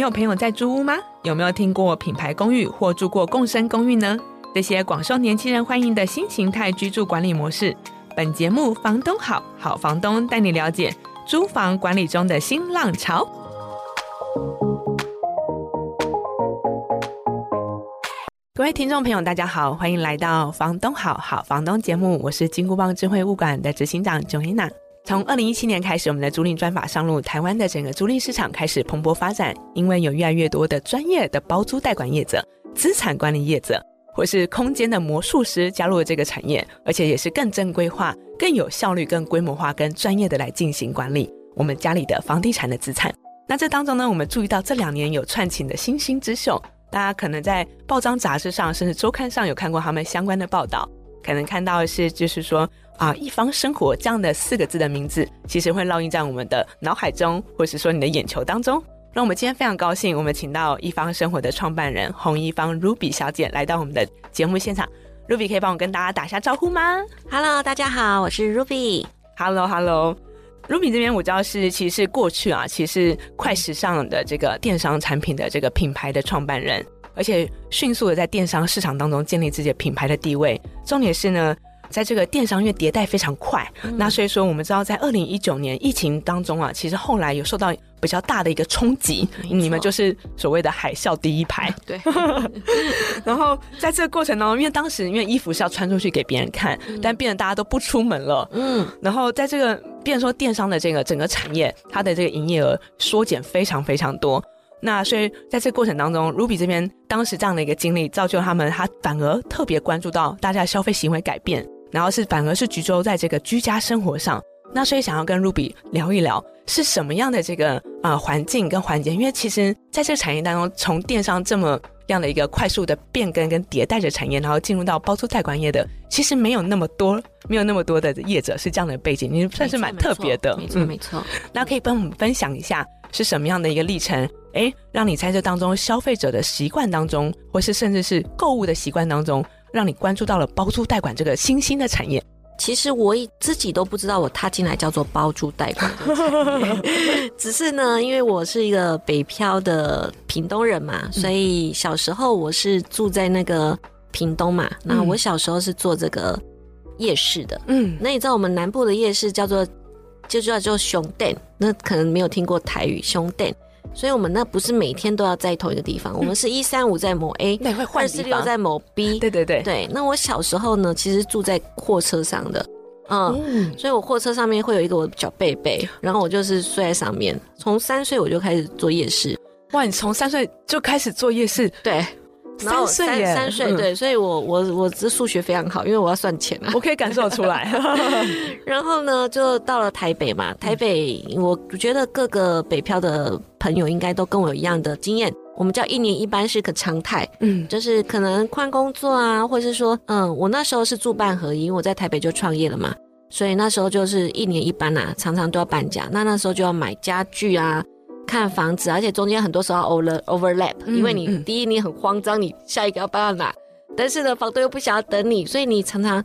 你有朋友在租屋嗎？有沒有聽過品牌公寓或住過共生公寓呢？這些廣受年輕人歡迎的新形態居住管理模式，本節目房東好，好房東帶你了解租房管理中的新浪潮。各位聽眾朋友，大家好，歡迎來到房東好，好房東節目，我是金箍棒智慧物管的執行長 Joanna。從二零一七年開始，我們的租賃專法上路，台灣的整個租賃市場開始蓬勃發展。因為有越來越多的專業的包租代管業者、資產管理業者，或是空間的魔術師加入了這個產業，而且也是更正規化、更有效率、更規模化、更專業的來進行管理我們家裡的房地產的資產。那這當中呢，我們注意到這兩年有竄起的新興之秀，大家可能在報章、雜誌上，甚至週刊上有看過他們相關的報道，可能看到的是就是說。啊！一方生活這樣的四個字的名字，其實會烙印在我們的腦海中，或是說你的眼球當中。那我們今天非常高興，我們請到一方生活的創辦人洪一方 Ruby 小姐來到我們的節目現場。Ruby 可以幫我跟大家打下招呼嗎？Hello，大家好，我是 Ruby。Hello，Hello hello。Ruby 這邊我知道是，其實是過去啊，其實是快時尚的這個電商產品的這個品牌的創辦人，而且迅速的在電商市場當中建立自己的品牌的地位。重點是呢。在這個電商因為迭代非常快，嗯、那所以說我們知道，在二零一九年疫情當中啊，其實後來有受到比較大的一個衝擊、嗯，你們就是所謂的海嘯第一排。啊、對。 然後在這個過程當中，因為當時因為衣服是要穿出去給別人看，嗯、但變得大家都不出門了。嗯。然後在這個，變成說電商的這個整個產業，它的這個營業額縮減非常非常多。那所以在這個過程當中，Ruby 這邊當時這樣的一個經歷，造就他們，他反而特別關注到大家的消費行為改變。然後是反而是居住在這個居家生活上，那所以想要跟 Ruby 聊一聊是什麼樣的這個啊、呃、環境跟環境，因為其實在這個產業當中，從電商這麼樣的一個快速的變更跟迭代的產業，然後進入到包租代管業的，其實沒有那麼多，沒有那麼多的業者是這樣的背景，你算是蠻特別的。沒錯，沒錯，沒錯，嗯。那可以幫我們分享一下是什麼樣的一個歷程？誒，讓你在這當中消費者的習慣當中，或是甚至是購物的習慣當中。讓你關注到了包租代管這個新興的產業。其實我也自己都不知道，我踏進來叫做包租代管。 只是呢，因為我是一個北漂的屏東人嘛，所以小時候我是住在那個屏東嘛。那、嗯、我小時候是做這個夜市的。嗯，那你知道我們南部的夜市叫做就叫做熊店，那可能沒有聽過台語熊店。所以我們那不是每天都要在同一個地方，嗯、我們是一三五在某 A，會換，二四六在某 B。對對對，對。那我小時候呢，其實住在貨車上的，嗯，嗯，所以我貨車上面會有一個我小被被，然後我就是睡在上面。從三歲我就開始做夜市，哇！你從三歲就開始做夜市，對。然後三,三歲三，三三歲，對，嗯、所以我我我這數學非常好，因為我要算錢嘛、啊，我可以感受出來。 然後呢，就到了台北嘛，台北，我覺得各個北漂的朋友應該都跟我有一樣的經驗。我們叫一年一搬，是個常態，嗯，就是可能換工作啊，或是說，嗯，我那時候是住辦合一，因為我在台北就創業了嘛，所以那時候就是一年一搬吶、啊，常常都要搬家，那那時候就要買家具啊。看房子，而且中間很多時候要 over overlap，、嗯、因為你第一你很慌張，嗯、你下一個要搬到哪？但是呢，房東又不想要等你，所以你常常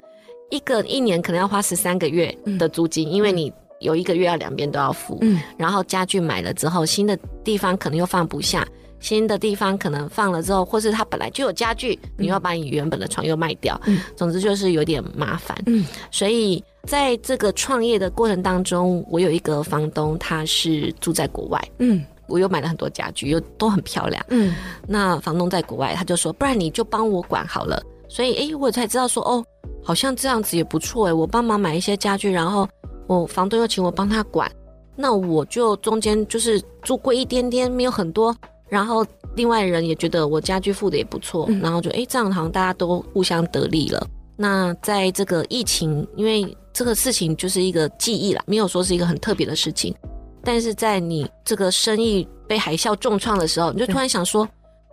一個一年可能要花十三個月的租金，嗯、因為你有一個月要兩邊都要付。嗯、然後家具買了之後，新的地方可能又放不下。新的地方可能放了之後，或是他本來就有家具，嗯、你要把你原本的床又賣掉，嗯、總之就是有點麻煩。嗯，所以在這個創業的過程當中，我有一個房東，他是住在國外。嗯，我又買了很多家具，又都很漂亮。嗯，那房東在國外，他就說：“不然你就幫我管好了。”所以，哎、欸，我才知道說，哦，好像這樣子也不錯哎、欸。我幫忙買一些家具，然後我房東又請我幫他管，那我就中間就是租貴一點點，沒有很多。然後另外人也覺得我家居富的也不錯，嗯、然後就哎這樣好像大家都互相得利了。那在這個疫情，因為這個事情就是一個記憶啦，沒有說是一個很特別的事情。但是在你這個生意被海嘯重創的時候，你就突然想說，嗯、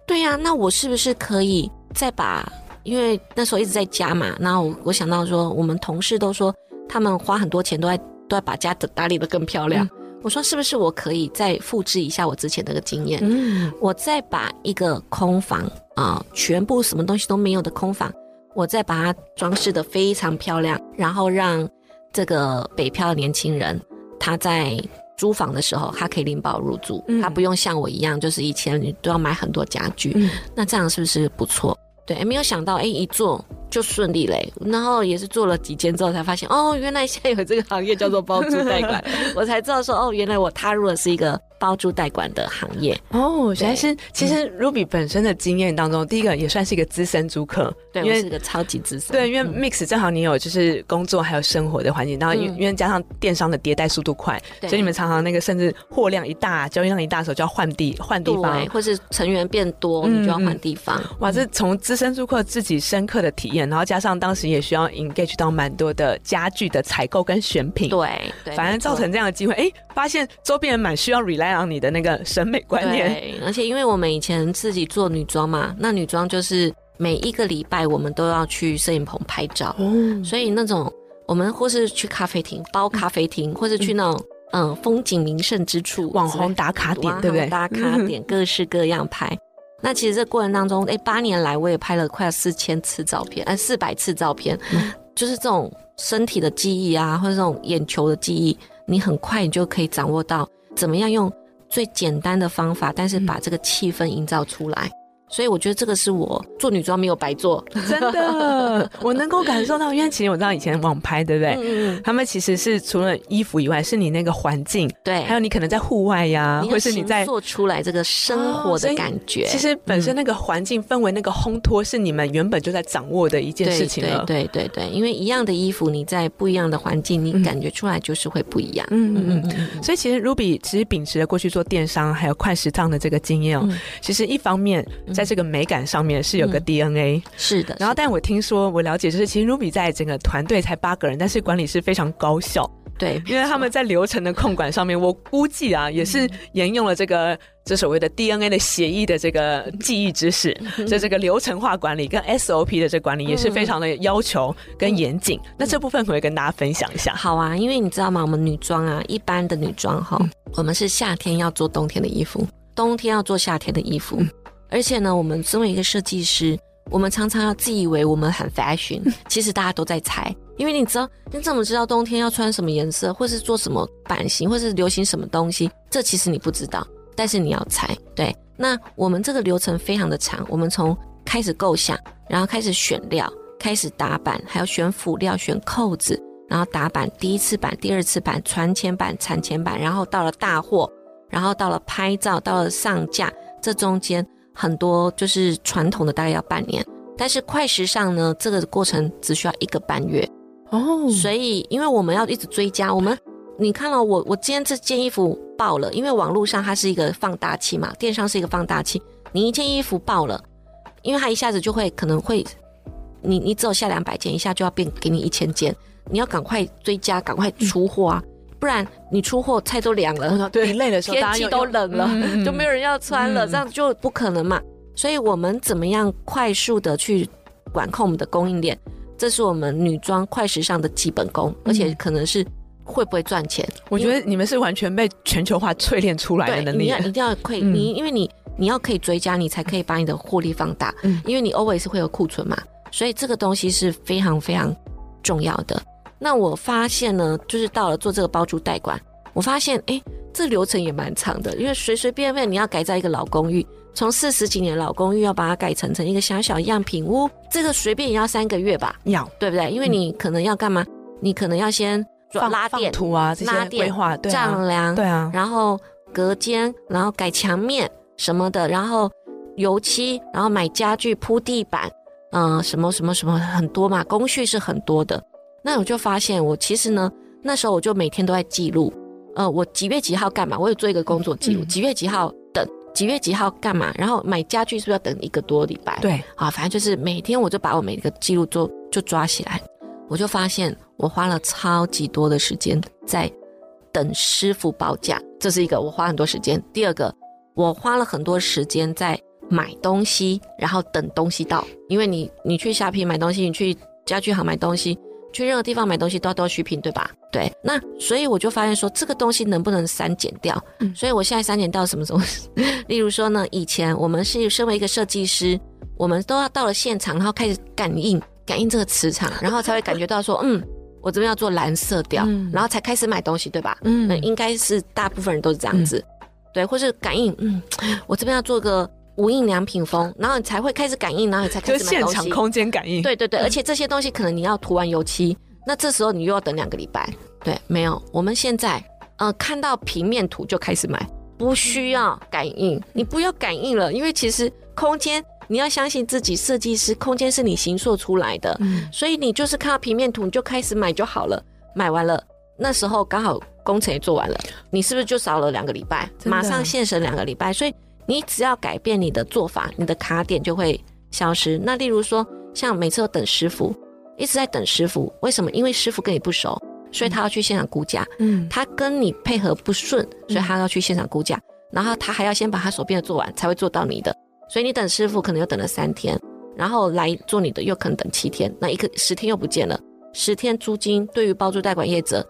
對呀、啊，那我是不是可以再把？因為那時候一直在家嘛，那我我想到說，我們同事都說他們花很多錢都在都在把家打理得更漂亮。嗯我說是不是我可以再複製一下我之前那個經驗？嗯，我再把一個空房啊、呃，全部什麼東西都沒有的空房，我再把它裝飾的非常漂亮，然後讓這個北漂的年輕人他在租房的時候，他可以拎包入住，嗯、他不用像我一樣，就是以前你都要買很多家具。嗯、那這樣是不是不錯？對誒，沒有想到，哎，一做就順利嘞。然後也是做了幾天之後，才發現，哦，原來現在有這個行業叫做包租代管， 我才知道說，哦，原來我踏入的是一個。包租代管的行業哦，其實其實 Ruby 本身的經驗當中，第一個也算是一個資深租客，對，因為是個超級資深，對，因為 Mix 正好你有就是工作還有生活的環境，然後因因為加上電商的迭代速度快，所以你們常常那個甚至貨量一大，交易量一大的時候就要換地換地方，或是成員變多，你就要換地方。哇，這從資深租客自己深刻的體驗，然後加上當時也需要 engage 到蠻多的家具的採購跟選品，對，反而造成這樣的機會，哎，發現周邊人蠻需要 relax 讓你的那個審美觀念，對，而且因為我們以前自己做女裝嘛，那女裝就是每一個禮拜我們都要去攝影棚拍照，哦、所以那種我們或是去咖啡廳包咖啡廳，嗯、或是去那種嗯風景名勝之處、網紅，吧網紅打卡點，對不對？打卡點各式各樣拍。嗯、哼那其實這過程當中，哎，八年來我也拍了快四千次照片，哎、呃，四百次照片，嗯、就是這種身體的記憶啊，或者這種眼球的記憶，你很快你就可以掌握到怎麼樣用。最簡單的方法，但是把這個氣氛營造出來。嗯所以我覺得這個是我做女裝沒有白做，真的，我能夠感受到， 因為其實我知道以前網拍，對不對？嗯，他們其實是除了衣服以外，是你那個環境，對，還有你可能在戶外呀、啊，或是你在做出來這個生活的感覺。哦、其實本身那個環境氛圍那個烘托是你們原本就在掌握的一件事情了。對，對對對，因為一樣的衣服，你在不一樣的環境，你感覺出來就是會不一樣。嗯嗯嗯。嗯，所以其實 Ruby 其實秉持了過去做電商還有快時尚的這個經驗，嗯、其實一方面在在這個美感上面是有個 DNA，、嗯、是的。然後，但我聽說我了解，就是其實 Ruby 在整個團隊才八個人，但是管理是非常高效，對，因為他們在流程的控管上面，我估計啊，嗯、也是沿用了這個這所謂的 DNA 的協議的這個記憶知識，這、嗯、這個流程化管理跟 SOP 的這管理也是非常的要求跟嚴謹。嗯、那這部分可不可以跟大家分享一下？好啊，因為你知道嗎？我們女裝啊，一般的女裝哈，我們是夏天要做冬天的衣服，冬天要做夏天的衣服。而且呢，我們身為一個設計師，我們常常要自以為我們很 fashion，其實大家都在猜。因為你知道你怎麼知道冬天要穿什麼顏色，或是做什麼版型，或是流行什麼東西？這其實你不知道，但是你要猜。對，那我們這個流程非常的長，我們從開始構想，然後開始選料，開始打板，還要選輔料、選扣子，然後打板，第一次版、第二次版、產前版、產前版，然後到了大貨，然後到了拍照，到了上架，這中間。很多就是傳統的，大概要半年，但是快時尚呢，這個過程只需要一個半月。哦，oh. 所以因為我們要一直追加，我們你看了、哦、我我今天這件衣服爆了，因為網絡上它是一個放大器嘛，電商是一個放大器。你一件衣服爆了，因為它一下子就會可能會，你你只有下兩百件，一下就要變給你一千件，你要趕快追加，趕快出貨啊。嗯不然你出貨菜都涼了。他說：“對，天氣都冷了，嗯、就沒有人要穿了，嗯、這樣就不可能嘛。”所以，我們怎麼樣快速的去管控我們的供應鏈？這是我們女裝快時尚的基本功，嗯、而且可能是會不會賺錢？我覺得你們是完全被全球化淬煉出來的能力，你要你一定要可以。嗯、你因為你你要可以追加，你才可以把你的獲利放大。嗯、因為你 always 會有庫存嘛，所以這個東西是非常非常重要的。那我發現呢，就是到了做這個包租代管，我發現哎、欸，這流程也蠻長的。因為隨隨便便你要改造一個老公寓，從四十幾年老公寓要把它改成成一個小小樣品屋，這個隨便也要三個月吧？要，對不對？因為你可能要幹嘛？嗯、你可能要先做拉點圖啊，拉點畫，對。丈量，對啊，然後隔間，然後改牆面什麼的，然後油漆，然後買家具、鋪地板，嗯、呃，什麼什麼什麼很多嘛，工序是很多的。那我就發現，我其實呢，那時候我就每天都在記錄，呃，我幾月幾號幹嘛？我有做一個工作記錄，幾月幾號等，幾月幾號幹嘛？然後買家具是不是要等一個多禮拜？對，啊，反正就是每天我就把我每個記錄做就抓起來，我就發現我花了超級多的時間在等師傅報價，這是一個我花很多時間；第二個，我花了很多時間在買東西，然後等東西到，因為你你去蝦皮買東西，你去家具行買東西。去任何地方買東西都要都要虛憑，對吧？對，那所以我就發現說，這個東西能不能刪減掉？嗯、所以我現在刪減到什麼東西？ 例如說呢，以前我們是身為一個設計師，我們都要到了現場，然後開始感應感應這個磁場，然後才會感覺到說，嗯，我這邊要做藍色調，嗯、然後才開始買東西，對吧？嗯，應該是大部分人都是這樣子，嗯、對，或是感應，嗯，我這邊要做個。無印良品風，然後你才會開始感應，然後你才開始現場空間感應。對對對，而且這些東西可能你要塗完油漆，嗯、那這時候你又要等兩個禮拜。對，沒有，我們現在呃看到平面圖就開始買，不需要感應，嗯、你不要感應了，因為其實空間你要相信自己設計師，空間是你形塑出來的，嗯、所以你就是看到平面圖你就開始買就好了，買完了那時候剛好工程也做完了，你是不是就少了兩個禮拜？的馬上現省兩個禮拜，所以。你只要改變你的做法，你的卡點就會消失。那例如說，像每次都等師傅，一直在等師傅，為什麼？因為師傅跟你不熟，所以他要去現場估價。嗯，他跟你配合不順，所以他要去現場估價。嗯、然後他還要先把他手邊的做完，嗯、才會做到你的。所以你等師傅可能又等了三天，然後來做你的又可能等七天，那一個十天又不見了。十天租金對於包租代管業者，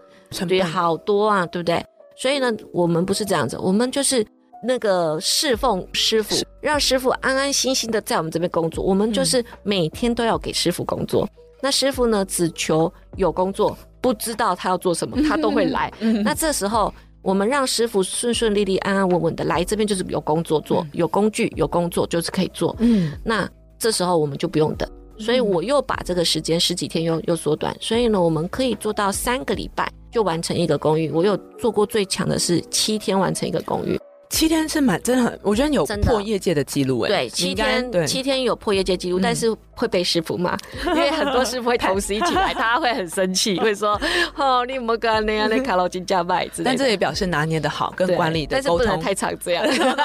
對好多啊，對不對？分所以呢，我們不是這樣子，我們就是。那個侍奉師傅，讓師傅安安心心的在我們這邊工作。我們就是每天都要給師傅工作。那師傅呢，只求有工作，不知道他要做什麼，他都會來。 那這時候，我們讓師傅順順利利、安安穩穩的來這邊，就是有工作做，有工具有工作就是可以做。嗯，那這時候我們就不用等。所以我又把這個時間十幾天又又縮短。所以呢，我們可以做到三個禮拜就完成一個公寓。我有做過最強的是七天完成一個公寓。七天是蠻真的，我覺得你有破業界的記錄誒。對，七天七天有破業界記錄，但是會被師傅罵，因為很多師傅會同時一起來，他會很生氣，會說：“哦，你莫幹那樣，那卡路金加賣。”但這也表示拿捏得好跟管理的溝通太長這樣。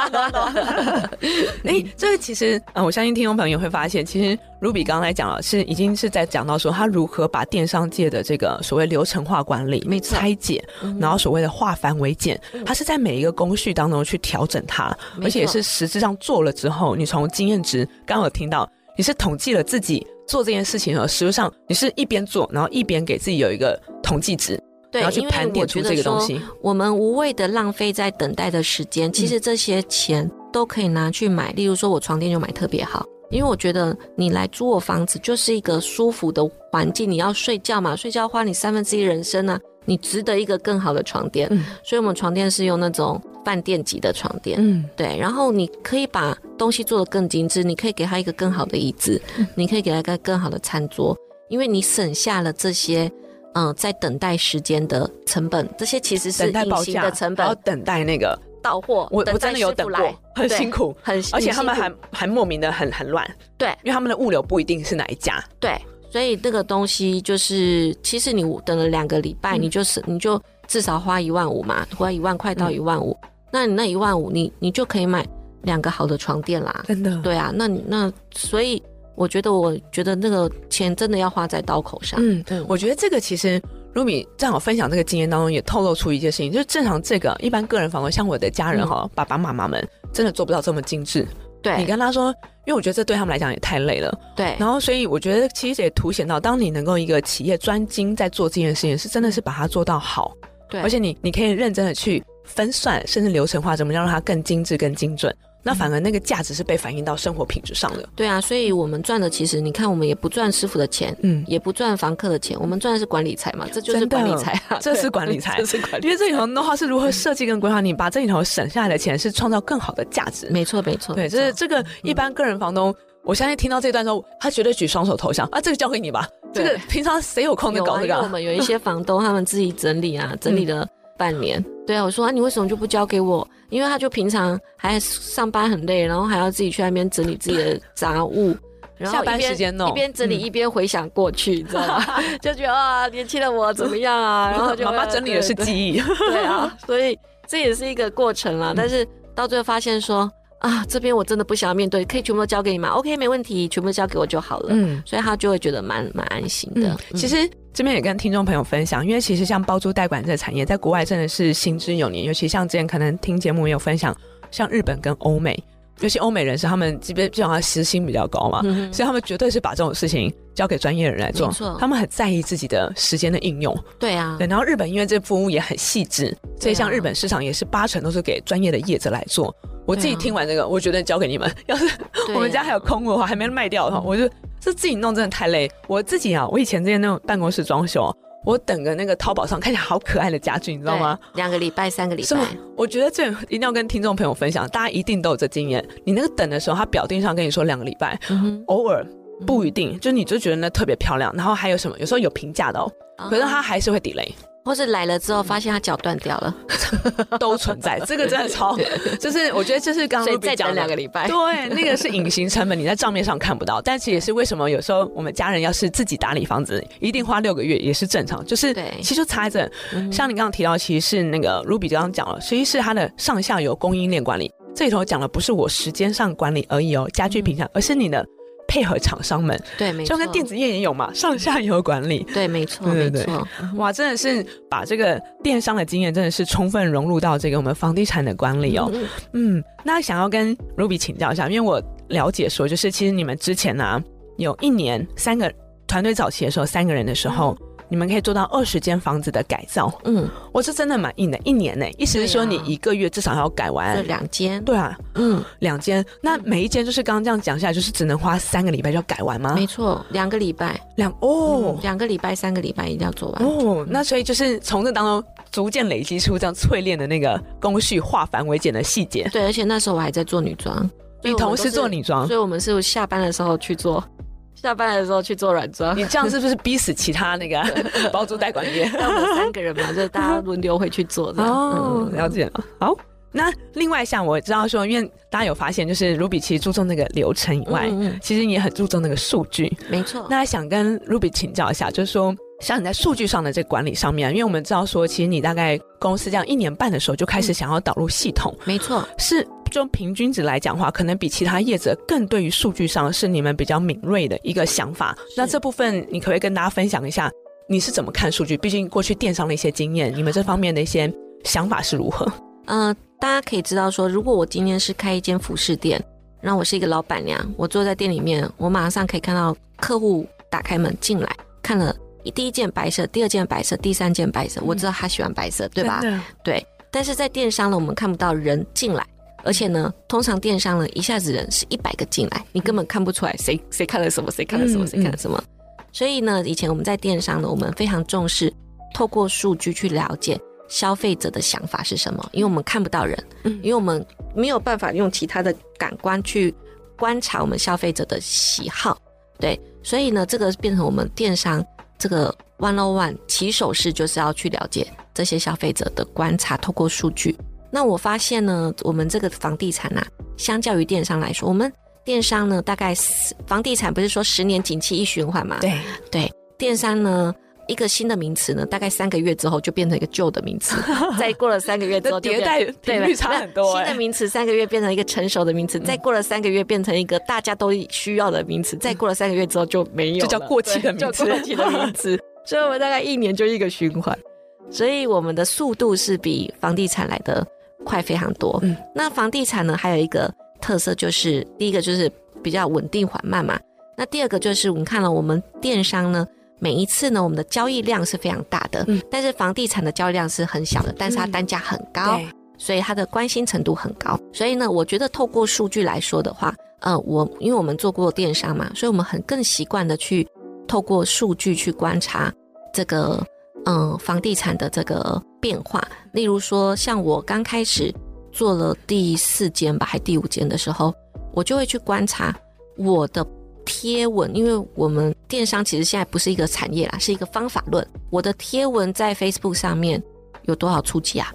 哎，這個其實我相信聽眾朋友會發現，其實 Ruby 剛剛才講了，是已經是在講到說他如何把電商界的這個所謂流程化管理，沒拆解，然後所謂的化繁為簡，他是在每一個工序當中去。調整它，而且也是實質上做了之後，你從經驗值，剛剛有聽到，你是統計了自己做這件事情，和實際上你是一邊做，然後一邊給自己有一個統計值，對，然後去盤點出這個東西。因為我覺得說，我們無謂的浪費在等待的時間，其實這些錢都可以拿去買。嗯、例如說我床墊就買特別好，因為我覺得你來租我房子就是一個舒服的環境，你要睡覺嘛，睡覺花你三分之一人生呢、啊，你值得一個更好的床墊。嗯、所以，我們床墊是用那種，飯店級的床墊，嗯，對，然後你可以把東西做的更精緻，你可以給他一個更好的椅子，你可以給他一個更好的餐桌，因為你省下了這些，嗯，在等待時間的成本，這些其實是隱形的成本，要等待那個到貨，我我真的有等過，很辛苦，很，而且他們還還莫名的很很亂，對，因為他們的物流不一定是哪一家，對，所以這個東西就是，其實你等了兩個禮拜，你就是你就至少花一萬五嘛，花一萬塊到一萬五。那你那一萬五你，你你就可以買兩個好的床墊啦，真的？對啊，那你那所以我覺得，我覺得那個錢真的要花在刀口上。嗯，對。我，我覺得這個其實，Ruby 你正好分享這個經驗當中也透露出一件事情，就是正常這個一般個人房東，像我的家人哈、嗯哦，爸爸媽媽們真的做不到這麼精緻。對。你跟他說，因為我覺得這對他們來講也太累了。對。然後，所以我覺得其實也凸顯到，當你能夠一個企業專精在做這件事情，是真的是把它做到好。對。而且你你可以認真的去。分算甚至流程化，怎麼樣讓它更精緻、更精準？那反而那個價值是被反映到生活品質上的。對啊，所以我們賺的其實你看，我們也不賺師傅的錢，嗯，也不賺房客的錢，我們賺的是管理費嘛，這就是管理費。啊，這是管理費。這是管理。因為這裡頭的話是如何設計跟規劃，你把這裡頭省下來的錢是創造更好的價值。沒錯，沒錯。對，這這個一般個人房東，我相信聽到這段之後，他絕對舉雙手投降啊，這個交給你吧。這個平常誰有空能搞這個？我們有一些房東他們自己整理啊，整理的。半年，對啊，我說啊，你為什麼就不交給我？因為他就平常還上班很累，然後還要自己去那邊整理自己的雜物，然後一邊下班時間一邊整理、嗯、一邊回想過去，知道嗎？ 就覺得啊，年輕的我怎麼樣啊？ 然後就媽媽整理的是記憶。對對，對啊，所以這也是一個過程啦。嗯、但是到最後發現說啊，這邊我真的不想要面對，可以全部都交給你嗎？OK，沒問題，全部交給我就好了。嗯，所以他就會覺得蠻蠻安心的。嗯嗯、其實。這邊也跟聽眾朋友分享，因為其實像包租代管這個產業，在國外真的是行之有年。尤其像之前可能聽節目也有分享，像日本跟歐美，尤其歐美人士，他們基本，基本上時薪比較高嘛，嗯、所以他們絕對是把這種事情交給專業人來做。沒錯。他們很在意自己的時間的應用。對啊，對，然後日本因為這服務也很細緻，所以像日本市場也是八成都是給專業的業者來做。我自己聽完這個，我覺得交給你們。要是我們家還有空的話，啊、還沒賣掉的話，啊、我就。這自己弄真的太累，我自己啊，我以前之前那種辦公室裝修，我等個那個淘寶上看起來好可愛的家具，對你知道嗎？兩個禮拜、三個禮拜，So, 我覺得這一定要跟聽眾朋友分享，大家一定都有這經驗。你那個等的時候，他表定上跟你說兩個禮拜，嗯、哼偶爾不一定，嗯、哼就你就覺得那特別漂亮，然後還有什麼，有時候有評價的哦，可是他還是會 delay。嗯或是來了之後發現他腳斷掉了， 都存在。這個真的超， 對 就是我覺得這是剛。所以再兩個禮拜，對，那個是隱形成本，你在賬面上看不到。但是也是為什麼有時候我們家人要是自己打理房子，一定花六個月也是正常。就是對，其實說實像你剛剛提到，其實是那個 Ruby 剛剛講了，其實是它的上下游供應鏈管理。這裡頭講的不是我時間上管理而已哦，家居品上，而是你的。配合廠商們，對，沒錯，就跟電子業也有嘛，上下游管理，對，沒錯，對對對，沒錯，哇，真的是把這個電商的經驗，真的是充分融入到這個我們房地產的管理哦，嗯，嗯，那想要跟 Ruby 請教一下，因為我了解說，就是其實你們之前呢、啊，有一年三個團隊早期的時候，三個人的時候。嗯你們可以做到二十間房子的改造，嗯，我是真的蠻硬的，一年內，意思是說你一個月至少要改完兩間，對啊，對啊，嗯，兩間，那每一間就是剛剛這樣講下來，就是只能花三個禮拜就要改完嗎？沒錯，兩個禮拜，兩哦，兩，嗯，兩個禮拜，三個禮拜一定要做完哦，那所以就是從這當中逐漸累積出這樣淬煉的那個工序，化繁為簡的細節，對，而且那時候我還在做女裝，你同時做女裝，所以我們是下班的時候去做。下班的時候去做軟裝，你這樣是不是逼死其他那個、啊、 對 包租代管業？那我們三個人嘛， 就是大家輪流會去做的。哦，了解。好，那另外像我知道說，因為大家有發現，就是 Ruby 其實注重那個流程以外，嗯嗯嗯其實也很注重那個數據。沒錯錯。那想跟 Ruby 請教一下，就是說，像你在數據上的這個管理上面，因為我們知道說，其實你大概公司這樣一年半的時候就開始想要導入系統。嗯嗯嗯沒錯，是。就用平均值來講的話，可能比其他業者更對於數據上是你們比較敏銳的一個想法。是那這部分你可不可以跟大家分享一下，你是怎麼看數據？畢竟過去電商的一些經驗，你們這方面的一些想法是如何？嗯、呃，大家可以知道說，如果我今天是開一間服飾店，然後我是一個老闆娘，我坐在店裡面，我馬上可以看到客戶打開門進來，看了第一件白色，第二件白色，第三件白色，我知道他喜歡白色，嗯、對吧？的對。但是，在電商呢，我們看不到人進來。而且呢，通常電商呢一下子人是一百個進來，你根本看不出來誰誰看了什麼，誰看了什麼，誰看了什麼。所以呢，以前我們在電商呢，我們非常重視透過數據去了解消費者的想法是什麼，因為我們看不到人，嗯，因為我們沒有辦法用其他的感官去觀察我們消費者的喜好，對。所以呢，這個變成我們電商這個 one to one 起手式，就是要去了解這些消費者的觀察，透過數據。那我發現呢，我們這個房地產啊，相較於電商來說，我們電商呢，大概房地產不是說十年景氣一循環嘛？對對，電商呢，一個新的名詞呢，大概三個月之後就變成一個舊的名詞， 再過了三個月，之後， 迭代，對，頻率差很多。欸。新的名詞三個月變成一個成熟的名詞，嗯、再過了三個月變成一個大家都需要的名詞，再過了三個月之後就沒有，就叫過期的名詞。過期的名詞， 所以我們大概一年就一個循環，所以我們的速度是比房地產來的。快非常多，嗯，那房地產呢，還有一個特色就是，第一個就是比較穩定緩慢嘛，那第二個就是我們看了我們電商呢，每一次呢，我們的交易量是非常大的，嗯，但是房地產的交易量是很小的，但是它單價很高，嗯，對，所以它的關心程度很高，所以呢，我覺得透過數據來說的話，呃，我因為我們做過電商嘛，所以我們很更習慣的去透過數據去觀察這個，嗯，呃，房地產的這個，變化，例如說，像我剛開始做了第四間吧，還第五間的時候，我就會去觀察我的貼文，因為我們電商其實現在不是一個產業啦，是一個方法論。我的貼文在 Facebook 上面有多少觸及啊？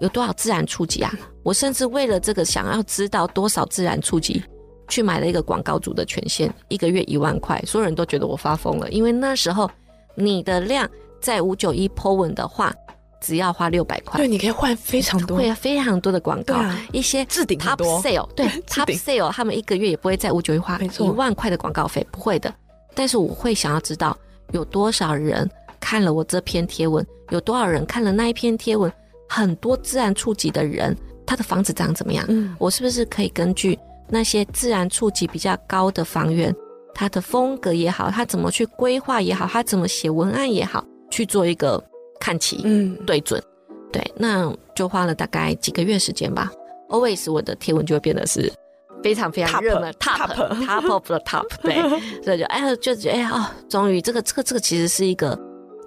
有多少自然觸及啊？我甚至為了這個想要知道多少自然觸及，去買了一個廣告組的權限，一個月一萬塊，所有人都覺得我發瘋了，因為那時候你的量在591 PO 文的話。只要花六百塊，對，你可以換非常多，會有非常多的廣告，啊、一些置頂 top sale，頂對 top sale，頂他們一個月也不會在五九一花一萬塊的廣告費，不會的。錯但是我會想要知道有多少人看了我這篇貼文，有多少人看了那一篇貼文，很多自然觸及的人，他的房子長怎麼樣？嗯，我是不是可以根據那些自然觸及比較高的房源，它的風格也好，他怎麼去規劃也好，他怎麼寫文案也好，去做一個。看齊，嗯，對準，嗯、對，那就花了大概幾個月時間吧。Always，我的貼文就會變得是非常非常熱門，top，top top, top of the top， 對，所以就哎，就覺得哎哦，終於這個這個這個其實是一個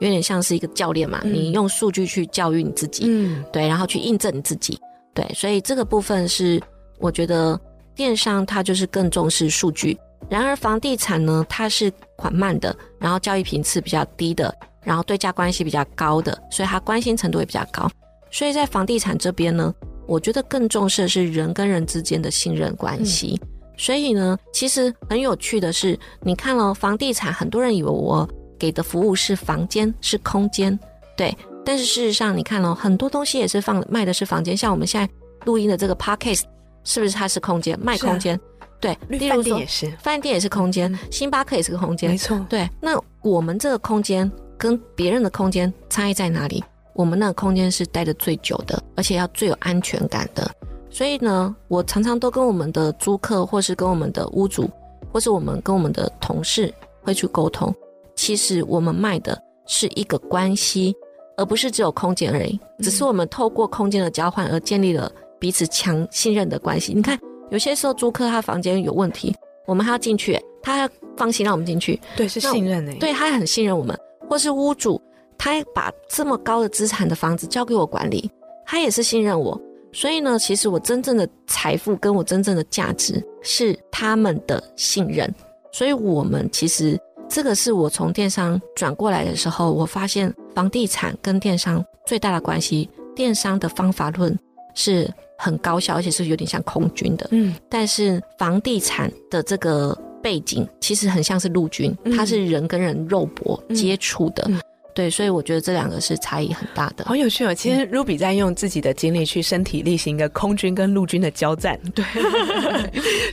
有點像是一個教練嘛，嗯、你用數據去教育你自己，嗯，對，然後去印證你自己，對，所以這個部分是我覺得電商它就是更重視數據，然而房地產呢，它是緩慢的，然後交易頻次比較低的。然後對價關係比較高的，所以他關心程度也比較高。所以在房地產這邊呢，我覺得更重視的是人跟人之間的信任關係。嗯、所以呢，其實很有趣的是，你看了房地產，很多人以為我給的服務是房間是空間，對。但是事實上，你看了很多東西也是放賣的是房間，像我們現在錄音的這個 p o c a s t 是不是它是空間賣空間？啊、對，例如說飯店也是，飯店也是空間，星巴克也是個空間，沒錯。對，那我們這個空間。跟別人的空間差異在哪裡？我們那個空間是待得最久的，而且要最有安全感的。所以呢，我常常都跟我們的租客，或是跟我們的屋主，或是我們跟我們的同事會去溝通。其實我們賣的是一個關係，而不是只有空間而已。只是我們透過空間的交換而建立了彼此強信任的關係。嗯、你看，有些時候租客他房間有問題，我們還要進去、欸，他要放心讓我們進去，對，是信任的、欸，對他很信任我們。就是屋主，他把這麼高的資產的房子交給我管理，他也是信任我。所以呢，其實我真正的財富跟我真正的價值是他們的信任。所以，我們其實這個是我從電商轉過來的時候，我發現房地產跟電商最大的關係，電商的方法論是很高效，而且是有點像空軍的。嗯，但是房地產的這個背景其實很像是陸軍，它是人跟人肉搏接觸的。嗯嗯對，所以我覺得這兩個是差異很大的。好有趣哦！其實 Ruby 在用自己的經歷去身體力行一個空軍跟陸軍的交戰。對。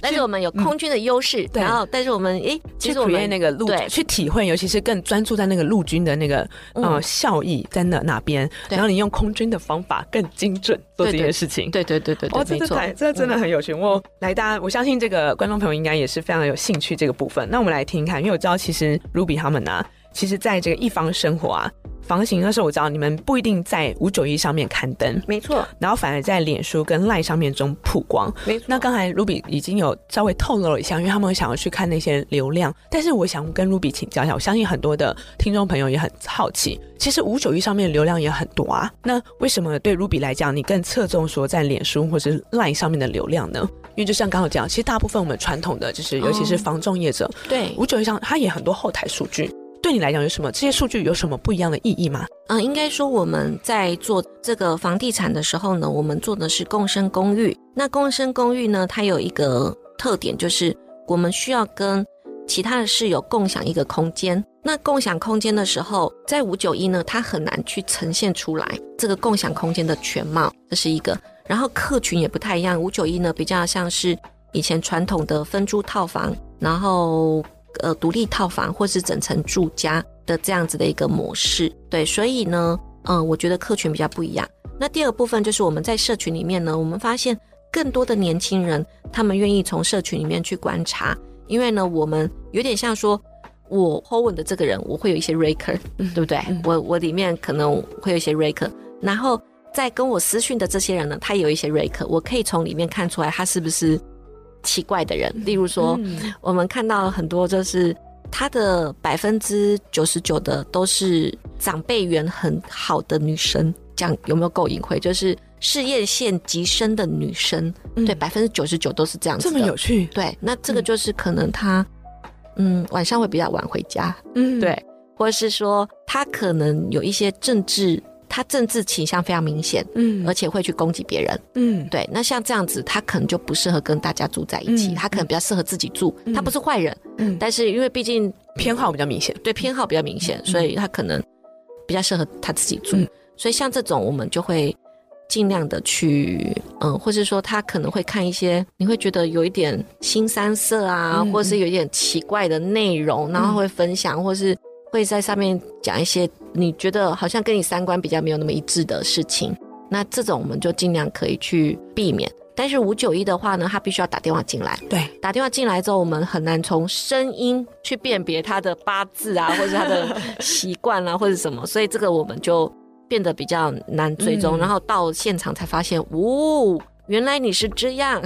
但是我們有空軍的優勢，然後但是我們誒，其實我們那個陸，去體會，尤其是更專注在那個陸軍的那個呃效益在哪哪邊，然後你用空軍的方法更精準做這件事情。對對對對，哦，這台這真的很有趣。我來，大家，我相信這個觀眾朋友應該也是非常有興趣這個部分。那我們來聽看，因為我知道其實 Ruby 他們呢。其實，在這個一方生活啊，房型那時候我知道你們不一定在五九一上面刊登，沒錯，然後反而在臉書跟賴上面中曝光。沒錯。那剛才 Ruby 已經有稍微透露了一下，因為他們想要去看那些流量。但是我想跟 Ruby 請教一下，我相信很多的聽眾朋友也很好奇，其實五九一上面流量也很多啊，那為什麼對 Ruby 來講，你更側重說在臉書或是賴上面的流量呢？因為就像剛才講，其實大部分我們傳統的就是尤其是房仲業者，嗯，對。五九一上他也很多後台數據。對你來講有什麼？這些數據有什麼不一樣的意義嗎？嗯、呃，應該說我們在做這個房地產的時候呢，我們做的是共生公寓。那共生公寓呢，它有一個特點，就是我們需要跟其他的室友共享一個空間。那共享空間的時候，在五九一呢，它很難去呈現出來這個共享空間的全貌，這是一個。然後客群也不太一樣，五九一呢比較像是以前傳統的分租套房，然後。呃，獨立套房或是整層住家的這樣子的一個模式，對，所以呢，嗯，呃，我覺得客群比較不一樣。那第二部分就是我們在社群裡面呢，我們發現更多的年輕人，他們願意從社群裡面去觀察，因為呢，我們有點像說，我 hold 的這個人，我會有一些 raker，嗯，對不對？嗯，我我裡面可能會有一些 raker，然後在跟我私訊的這些人呢，他有一些 raker，我可以從裡面看出來他是不是。奇怪的人，例如說，嗯、我們看到很多就是他的百分之九十九的都是長輩緣很好的女生，這樣有沒有夠隱晦？就是事業線極深的女生，嗯、對，百分之九十九都是這樣子的，這麼有趣？對，那這個就是可能他，嗯，嗯，晚上會比較晚回家，嗯，對，或者是說他可能有一些政治。他政治傾向非常明顯，嗯，而且會去攻擊別人，嗯，對。那像這樣子，他可能就不適合跟大家住在一起，他可能比較適合自己住。他不是壞人，嗯，但是因為畢竟偏好比較明顯，對，偏好比較明顯，所以他可能比較適合他自己住。所以像這種，我們就會盡量的去，嗯，或是說他可能會看一些你會覺得有一點腥羶色啊，或者是有一點奇怪的內容，然後會分享，或是。會在上面講一些你覺得好像跟你三觀比較沒有那麼一致的事情，那這種我們就盡量可以去避免。但是五九一的話呢，他必須要打電話進來，對，打電話進來之後，我們很難從聲音去辨別他的八字啊，或者是他的習慣啊， 或者什麼，所以這個我們就變得比較難追蹤。然後到現場才發現，嗯、哦，原來你是這樣，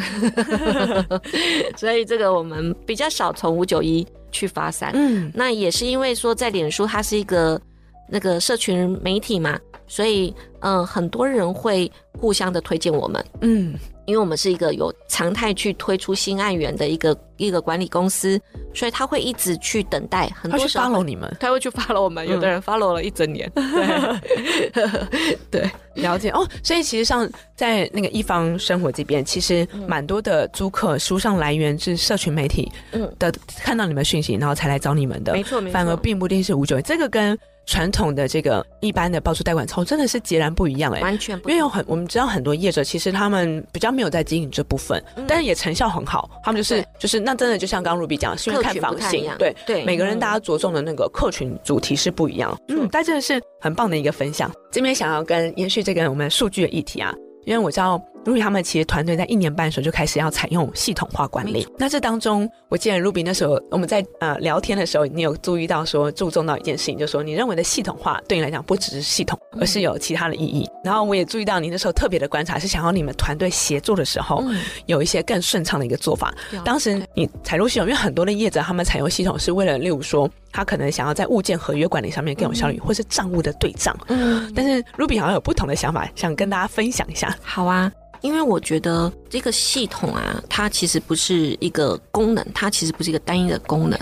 所以這個我們比較少從五九一。去發散，嗯，那也是因為說，在臉書它是一個。那個社群媒體嘛，所以嗯、呃，很多人會互相的推薦我們，嗯，因為我們是一個有常態去推出新案源的一個一個管理公司，所以他會一直去等待，很多時候很，他去 follow 你們，他會去 follow 我們，嗯、有的人 follow 了一整年。對， 對，了解。哦，所以其實像在那個一方生活這邊，其實蠻多的租客，書上來源是社群媒體的，嗯、看到你們訊息，然後才來找你們的。沒錯，沒錯。反而並不一定是591，這個跟傳統的這個一般的包租代管真的是截然不一樣哎、欸，完全不一樣。因為有很我們知道很多業者其實他們比較沒有在經營這部分，嗯、但是也成效很好，他們就是對就是那真的就像剛 Ruby 講，是因為看房型，對對，對嗯、每個人大家着重的那個客群主題是不一樣，嗯，嗯，但真的是很棒的一個分享。嗯、今天想要跟延續這個我們數據的議題啊，因為我知道。Ruby 他們其實團隊在一年半的時候就開始要採用系統化管理。沒錯。那這當中，我記得 Ruby 那時候我們在呃聊天的時候，你有注意到說，注重到一件事情，就是說你認為的系統化對你來講不只是系統，而是有其他的意義。嗯、然後我也注意到你那時候特別的觀察是，想要你們團隊協作的時候、嗯、有一些更順暢的一個做法。嗯、當時你採用系統，因為很多的業者他們採用系統是為了，例如說他可能想要在物件合約管理上面更有效率，嗯、或是賬務的對賬、嗯。嗯，但是 Ruby 好像有不同的想法，想跟大家分享一下。好啊。因為我覺得這個系統啊，它其實不是一個功能，它其實不是一個單一的功能。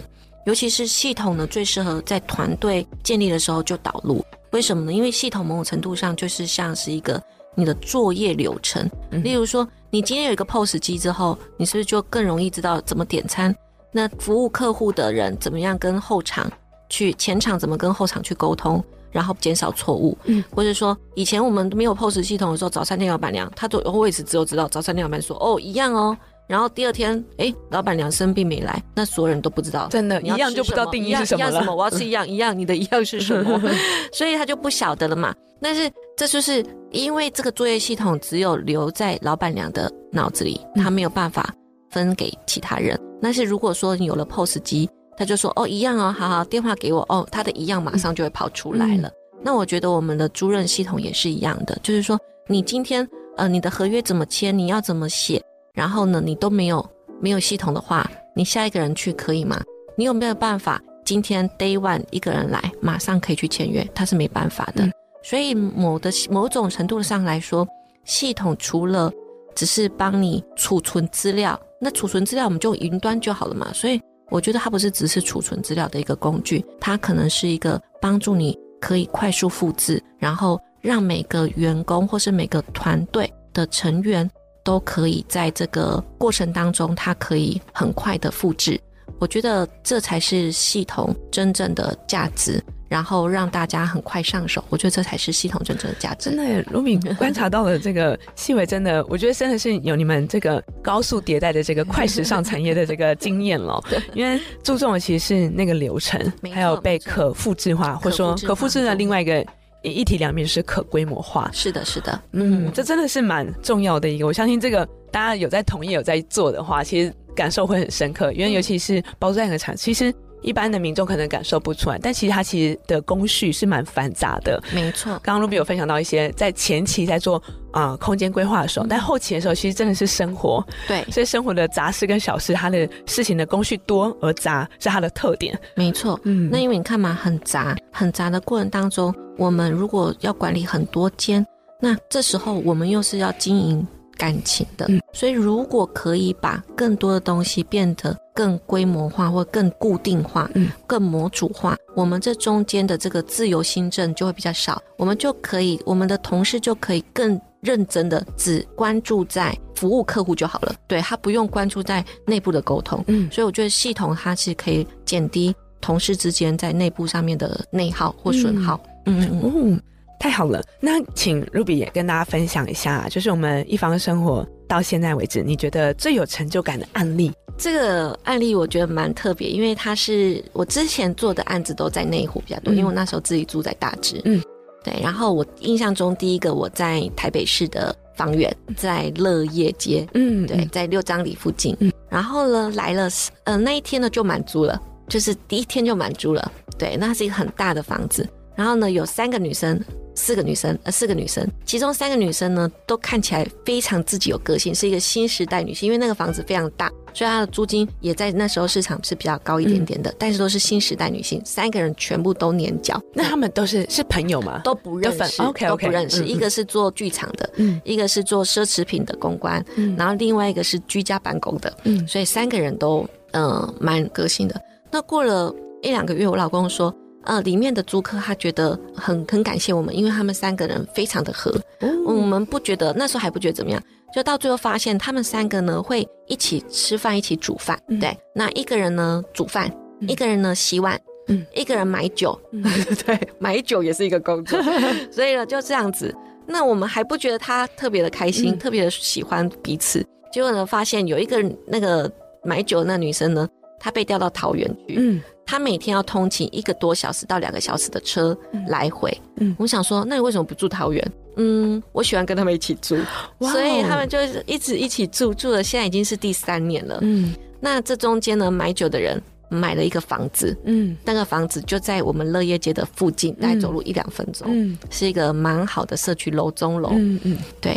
尤其是系統呢，最適合在團隊建立的時候就導入。為什麼呢？因為系統某種程度上就是像是一個你的作業流程。例如說，你今天有一個 POS 機之後，你是不是就更容易知道怎麼點餐？那服務客戶的人怎麼樣跟後場去，前場怎麼跟後場去溝通？然後減少錯誤，嗯，或者說以前我們沒有 POS 系統的時候，早餐店老板娘她都我也是只有知道早餐店老板說哦一樣哦，然後第二天哎老板娘生病沒來，那所有人都不知道真的，你要一樣就不知道定義是什麼，什麼我要吃一樣一樣，你的一樣是什麼？ 所以她就不曉得了嘛。但是這就是因為這個作業系統只有留在老板娘的腦子裡，她、嗯、沒有辦法分給其他人。但是如果說你有了 POS 機。他就說：“哦，一樣哦，好好，電話給我哦，他的一樣馬上就會跑出來了。嗯、那我覺得我們的租賃系統也是一樣的，就是說你今天呃，你的合約怎麼簽，你要怎麼寫，然後呢，你都沒有沒有系統的話，你下一個人去可以嗎？你有沒有辦法今天 day one 一個人來，馬上可以去簽約？他是沒辦法的。嗯、所以某的某種程度上來說，系統除了只是幫你儲存資料，那儲存資料我們就雲端就好了嘛，所以。”我覺得它不是只是儲存資料的一個工具，它可能是一個幫助你可以快速複製，然後讓每個員工或是每個團隊的成員都可以在這個過程當中，它可以很快的複製。我覺得這才是系統真正的價值。然後讓大家很快上手，我覺得這才是系統真正的價值。真的，Ruby 觀察到了這個細微，真的， 我覺得真的是有你們這個高速迭代的這個快時尚產業的這個經驗了。對， 因為注重的其實是那個流程， 還有被可複制化，制化或說可複制的另外一個不一體兩面是可規模化。是的，是的，是的，嗯，嗯這真的是蠻重要的一個。我相信這個大家有在同業有在做的話，其實感受會很深刻，因為尤其是包裝這個產，嗯、其實。一般的民眾可能感受不出來，但其實它其實的工序是蠻繁雜的。沒錯錯，剛剛 Ruby 有分享到一些在前期在做啊、呃、空間規劃的時候，嗯、但後期的時候其實真的是生活。對，所以生活的雜事跟小事，它的事情的工序多而雜是它的特點。沒錯錯，嗯，那因為你看嘛，很雜，很雜的過程當中，我們如果要管理很多間，那這時候我們又是要經營。感情的，嗯、所以如果可以把更多的東西變得更規模化或更固定化，嗯，更模組化，我們這中間的這個自由心證就會比較少，我們就可以，我們的同事就可以更認真的只關注在服務客戶就好了，對，他不用關注在內部的溝通，嗯，所以我覺得系統它是可以減低同事之間在內部上面的內耗或損耗，嗯。嗯嗯太好了，那請 Ruby 也跟大家分享一下，就是我們一方生活到現在為止，你覺得最有成就感的案例？這個案例我覺得蠻特別，因為它是我之前做的案子都在內湖比較多，因為我那時候自己住在大直，嗯，對。然後我印象中第一個我在台北市的房源，在樂業街，嗯，對，在六張犁附近。嗯。然後呢，來了，呃，那一天呢就滿租了，就是第一天就滿租了，對，那是一個很大的房子。然後呢，有三個女生，四個女生，呃，四個女生，其中三個女生呢都看起來非常自己有個性，是一個新時代女性。因為那個房子非常大，所以她的租金也在那時候市場是比較高一點點的。嗯、但是都是新時代女性，三個人全部都年繳，那她們、嗯、都是是朋友嗎？都不認識。OK OK。都不認識，嗯嗯一個是做劇場的，嗯，一個是做奢侈品的公關，嗯、然後另外一個是居家辦公的。嗯，所以三個人都嗯、呃、蠻個性的。嗯、那過了一兩個月，我老公說。呃，裡面的租客他覺得很很感謝我們，因為他們三個人非常的合。嗯嗯、我們不覺得那時候還不覺得怎麼樣，就到最後發現他們三個呢會一起吃飯，一起煮飯，嗯、對，那一個人呢煮飯，嗯、一個人呢洗碗，嗯，一個人買酒，嗯、 對，買酒也是一個工作， 所以呢就這樣子，那我們還不覺得他特別的開心，嗯、特別的喜歡彼此，結果呢發現有一個那個買酒的那女生呢，她被調到桃園去，嗯。他每天要通勤一個多小時到兩個小時的車來回。嗯，我想說，那你為什麼不住桃園？嗯，我喜歡跟他們一起住，wow, 所以他們就一直一起住，住了現在已經是第三年了。嗯，那這中間呢，買酒的人買了一個房子。嗯，那個房子就在我們樂業街的附近，大概走路一兩分鐘。嗯，是一個蠻好的社區樓中樓。嗯嗯，對。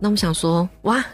那我們想說，哇，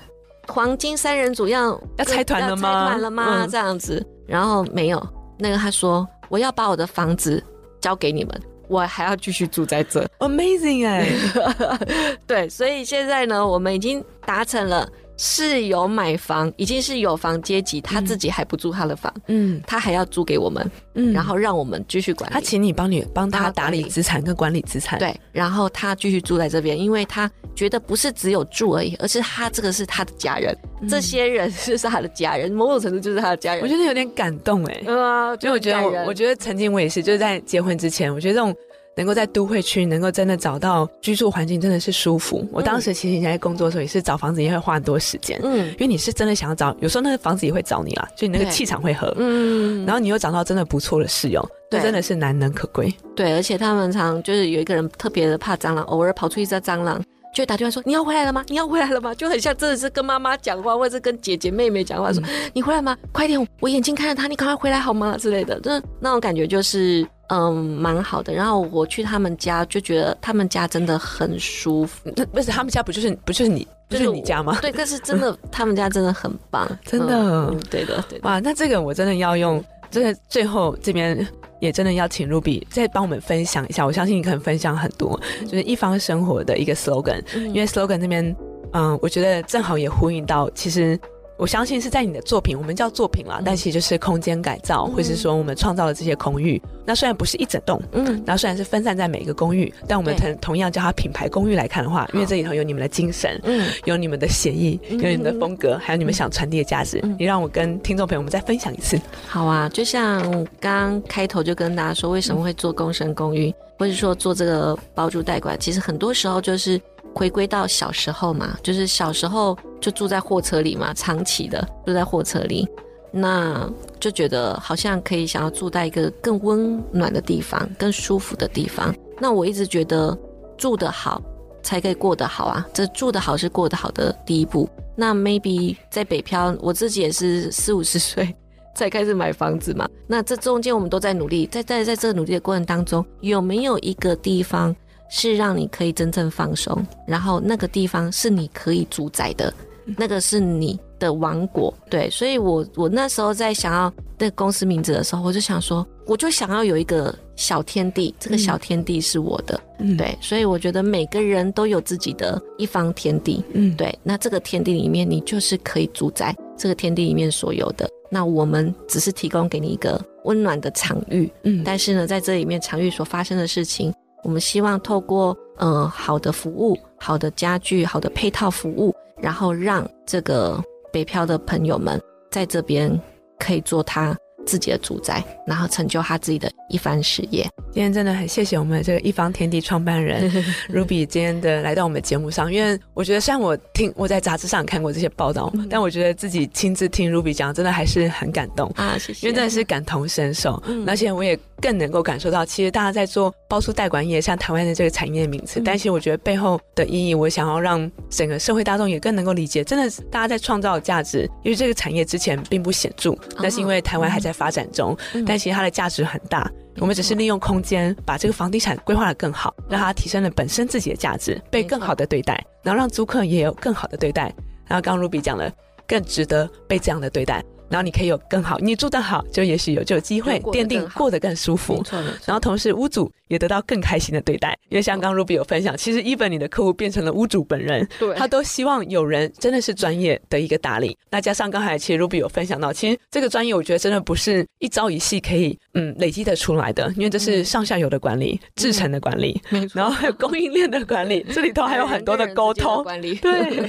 黃金三人組要要拆團了嗎？拆團了嗎？嗯，這樣子，然後沒有。那個他說：“我要把我的房子交給你們，我還要繼續住在這。 ”Amazing 哎耶， 對，所以現在呢，我們已經達成了。是有買房，已經是有房階級，他自己還不住他的房，嗯，他還要租給我們，嗯，然後讓我們繼續管理他，請你幫你幫他打理資產跟管理資產，對，然後他繼續住在這邊，因為他覺得不是只有住而已，而是他這個是他的家人，嗯、這些人就是他的家人，某種程度就是他的家人，我覺得有點感動哎、欸，嗯、啊，就是、因為我覺得我我覺得曾經我也是，就是在結婚之前，我覺得這種。能夠在都會區能夠真的找到居住環境真的是舒服。嗯、我當時其實以前在工作的時候也是找房子也會花很多時間，嗯，因為你是真的想要找，有時候那個房子也會找你啦，就你那個氣場會合，嗯，然後你又找到真的不錯的室友，這對真的是難能可貴。對，而且他們常就是有一個人特別的怕蟑螂，偶爾跑出一隻蟑螂，就會打電話說：“你要回來了嗎？你要回來了嗎？”就很像真的是跟媽媽講話，或者是跟姐姐妹妹講話說：“嗯、你回來嗎？快點，我眼睛看着他，你趕快回來好嗎？”之類的，是那種感覺就是。嗯，蠻好的。然後我去他們家，就覺得他們家真的很舒服。嗯、不是他們家不、就是，不就是不是你，就是，就是你家嗎？對，但是真的，嗯、他們家真的很棒，真的、嗯、對的，對的，對。哇，那這個我真的要用，這個最後這邊也真的要請 Ruby 再幫我們分享一下。我相信你可能分享很多，嗯、就是一方生活的一個 slogan，因為 slogan 那邊，嗯，我覺得正好也呼應到，其實。我相信是在你的作品，我們叫作品啦。但其實就是空間改造，或是說我們創造了這些公寓。那雖然不是一整棟，嗯，那雖然是分散在每一個公寓，但我們同同樣叫它品牌公寓來看的話，因為這裡頭有你們的精神，嗯，有你們的協議，有你們的風格，還有你們想傳遞的價值。你讓我跟聽眾朋友們再分享一次。好啊，就像我剛開頭就跟大家說，為什麼會做共生公寓，或者說做這個包租代管，其實很多時候就是。回歸到小時候嘛，就是小時候就住在貨車裡嘛，長期的住在貨車裡，那就覺得好像可以想要住在一個更溫暖的地方，更舒服的地方。那我一直覺得住得好才可以過得好啊，這住得好是過得好的第一步。那 maybe 在北漂，我自己也是四五十歲才開始買房子嘛，那這中間我們都在努力，在在在這個努力的過程當中，有沒有一個地方，是讓你可以真正放鬆，然後那個地方是你可以主宰的，那個是你的王國。對，所以我我那時候在想要那公司名字的時候，我就想說，我就想要有一個小天地，這個小天地是我的。對，所以我覺得每個人都有自己的一方天地。嗯，對，那這個天地裡面，你就是可以主宰這個天地裡面所有的。那我們只是提供給你一個溫暖的場域。嗯，但是呢，在這裡面場域所發生的事情。我們希望透過呃，好的服務、好的家具、好的配套服務，然後讓這個北漂的朋友們在這邊可以做他自己的主宰，然後成就他自己的。一番事業。今天真的很謝謝我們這個一方天地創辦人 Ruby 今天的來到我們的節目上，因為我覺得雖然我聽我在雜誌上看過這些報道，但我覺得自己親自聽 Ruby 講，真的還是很感動啊！謝謝，因為真的是感同身受，而且我也更能夠感受到，其實大家在做包租代管業，像台灣的這個產業名詞。但其實我覺得背後的意義，我想要讓整個社會大眾也更能夠理解，真的是大家在創造價值。因為這個產業之前並不顯著，那是因為台灣還在發展中，但其實它的價值很大。 我們只是利用空間，把這個房地產規劃得更好，讓它提升了本身自己的價值，被更好的對待，然後讓租客也有更好的對待，然後剛剛 Ruby 講了，更值得被這樣的對待。然後你可以有更好，你住得好，就也許有這種機會奠定過得更舒服。然後同時屋主也得到更開心的對待，因為像剛剛 Ruby 有分享，其實即使你的客戶變成了屋主本人，對，他都希望有人真的是專業的一個打理。那加上剛才其實 Ruby 有分享到，其實這個專業我覺得真的不是一朝一夕可以嗯累積得出來的，因為這是上下游的管理、製程的管理，然後還有供應鏈的管理，這裡頭還有很多的溝通管理。對，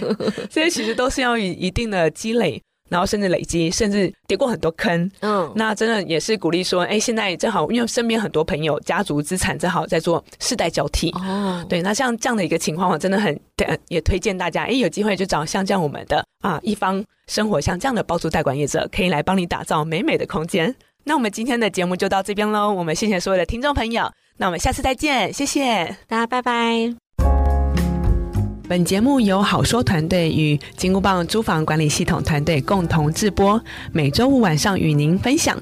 這些其實都是要有一定的積累。然後甚至累積，甚至跌過很多坑，嗯，那真的也是鼓勵說，哎，現在正好，因為身邊很多朋友家族資產正好在做世代交替，哦，對，那像這樣的一個情況，我真的很、呃、也推薦大家，哎，有機會就找像這樣我們的啊一方生活，像這樣的包租代管業者，可以來幫你打造美美的空間。那我們今天的節目就到這邊嘍，我們謝謝所有的聽眾朋友，那我們下次再見，謝謝大家，拜拜。本節目由好說團隊與金箍棒租房管理系統團隊共同製播，每週五晚上與您分享。